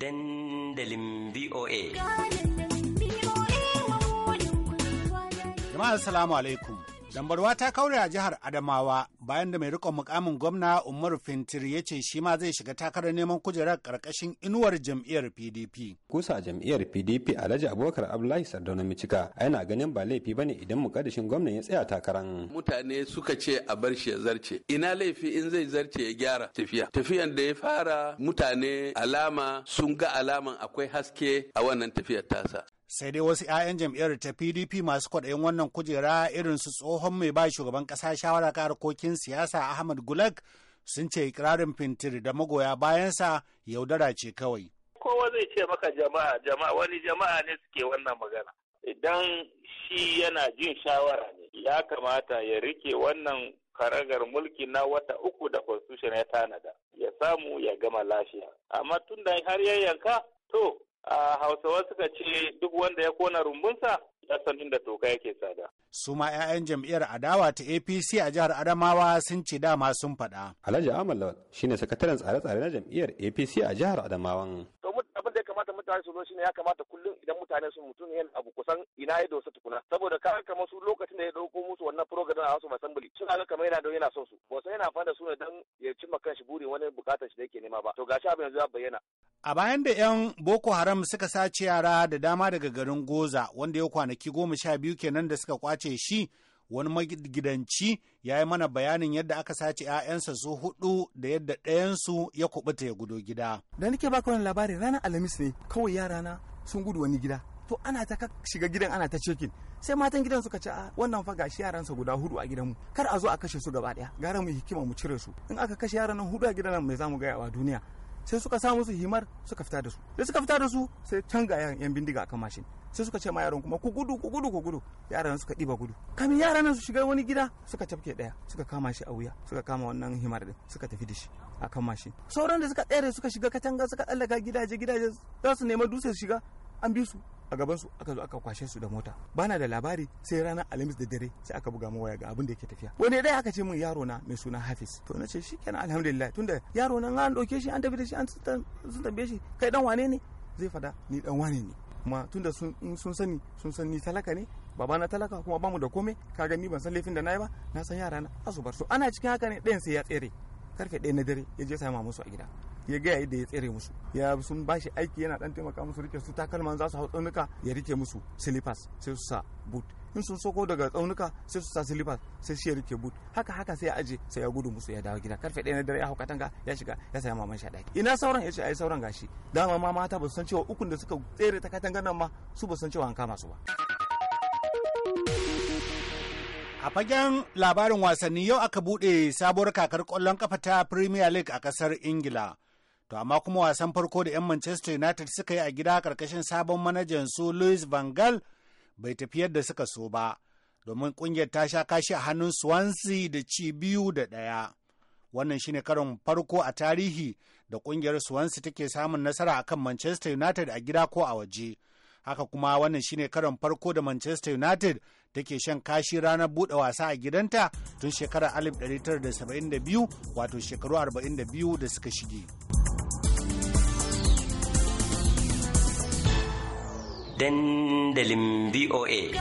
dandalin VOA. Jama'a salamu alaikum. Dambarwa ta kaure a jihar Adamawa bayan da mai rikon mukamin gwamna Umaru Fintir ya ce shi ma zai shiga takarar neman kujerar karkashin inuwar jam'iyyar PDP. Kusa jam'iyyar PDP Alhaji Abubakar Abdullahi Sardauna Micika yana ganin ba laifi bane idan mukaddashin gwamnan ya tsaya takaran. Mutane suka ce a bar shi ya zarce. Ina laifi in zai zarce ya gyara tafiya. Tafiyan da ya fara mutane alama sun ga alaman akwai haske a wannan tafiyar tasa. sai dai wasu 'ya'yan jam'iyyar ta pdp masu kwaɗayin wannan kujera irin su tsohon mai ba shugaban ƙasa shawara harkokin siyasa ahmad gulag sun ce ikirarin fintir da magoya bayansa yaudara ce kawai kowa zai ce maka jama'a jama'a wani jama'a ne suke wannan magana idan shi yana jin shawara ne ya kamata ya rike wannan karagar mulki na wata uku da constitution ya tanada ya samu ya gama lafiya amma tun da har yayyanka yanka to hausawa suka ce duk wanda ya kona rumbunsa ya san inda toka yake tsada. Suma ma 'ya'yan jam'iyyar adawa ta apc a jihar adamawa sun ce dama sun faɗa. alhaji ahmad lawal shine sakataren tsare-tsare na jam'iyyar apc a jihar adamawan. abin da ya kamata mutane su zo shine ya kamata kullum idan mutane su mutum yin abu kusan ina ya dosa tukuna saboda ka kamar su lokacin da ya dauko musu wannan program a wasu assembly suna ga kamar yana da yana son su ba sai yana fada su ne dan ya cimma kanshi buri wani bukatar shi da yake nema ba to gashi abin yanzu ya bayyana A bayan da 'yan Boko Haram suka sace yara da dama daga garin Goza wanda ya kwanaki goma sha biyu kenan da suka kwace shi wani magidanci ya yi mana bayanin yadda aka sace 'ya'yansa su hudu da yadda ɗayansu ya kubuta ya gudo gida. Da nake baka wani labari ranar Alhamis ne kawai yarana sun gudu wani gida. to ana ta shiga gidan ana ta cekin sai matan gidan suka ce ah, wannan fa gashi yaransa guda hudu a gidanmu kar a zo a kashe su gaba daya gara mu hikima mu cire su in aka kashe yaran nan hudu a gidan nan mai zamu gaya wa duniya sai suka sa musu himar suka fita da su da suka fita da su sai can ga yan bindiga akan mashin sai suka ce ma yaron kuma ku gudu ku gudu ku gudu yaran suka ɗiba gudu kamin yaran su shiga wani gida suka tafke daya suka kama shi a wuya suka kama wannan himar din suka tafi da shi akan mashin sauran da suka tsere suka shiga katanga suka tsallaka gidaje gidaje za su nema dutse su shiga an bi su a gaban su aka zo aka kwashe su da mota bana da labari sai ranar alhamis da dare sai aka buga mawaya ga abin da yake tafiya wani dai aka ce min yaro na mai suna hafiz to na ce shi kenan alhamdulillah tunda yaro na an dauke shi an tafi da shi an sun tambaye shi kai dan wane ne zai fada ni dan wane ne kuma tunda sun sun sani sun sani talaka ne baba na talaka kuma bamu da komai kaga ni ban san laifin da nayi ba na san yara na bar su ana cikin haka ne ɗayan sai ya tsere karfe ɗaya na dare ya je ma musu a gida ya ga yadda ya tsere musu ya sun bashi aiki yana dan taimaka musu rike su takalman za su hau tsaunuka ya rike musu silipas sai su sa boot in sun soko daga tsaunuka sai su sa silipas sai shi ya rike boot haka haka sai ya aje sai ya gudu musu ya dawo gida karfe ɗaya na dare ya hau katanga ya shiga ya saya maman shi a ɗaki ina sauran ya ce ai sauran gashi dama ma mata ba su san cewa ukun da suka tsere ta katanga nan ma su ba san cewa an kama su ba. A fagen labarin wasanni yau aka bude sabuwar kakar kwallon kafa ta Premier League a kasar Ingila. To amma kuma wasan farko da 'yan Manchester United suka yi a gida karkashin sabon manajan su Louis Van Gaal bai tafi yadda suka so ba, domin ƙungiyar ta sha kashi a hannun Swansea da ci biyu da ɗaya. Wannan shine karon farko a tarihi da ƙungiyar Swansea take samun nasara a kan Manchester United a gida ko a waje. Haka kuma wannan shine karon farko da Manchester United take shan kashi ranar buɗe wasa a gidanta tun shekarar 1972 wato shekaru 42 da suka shige. dandalin VOA.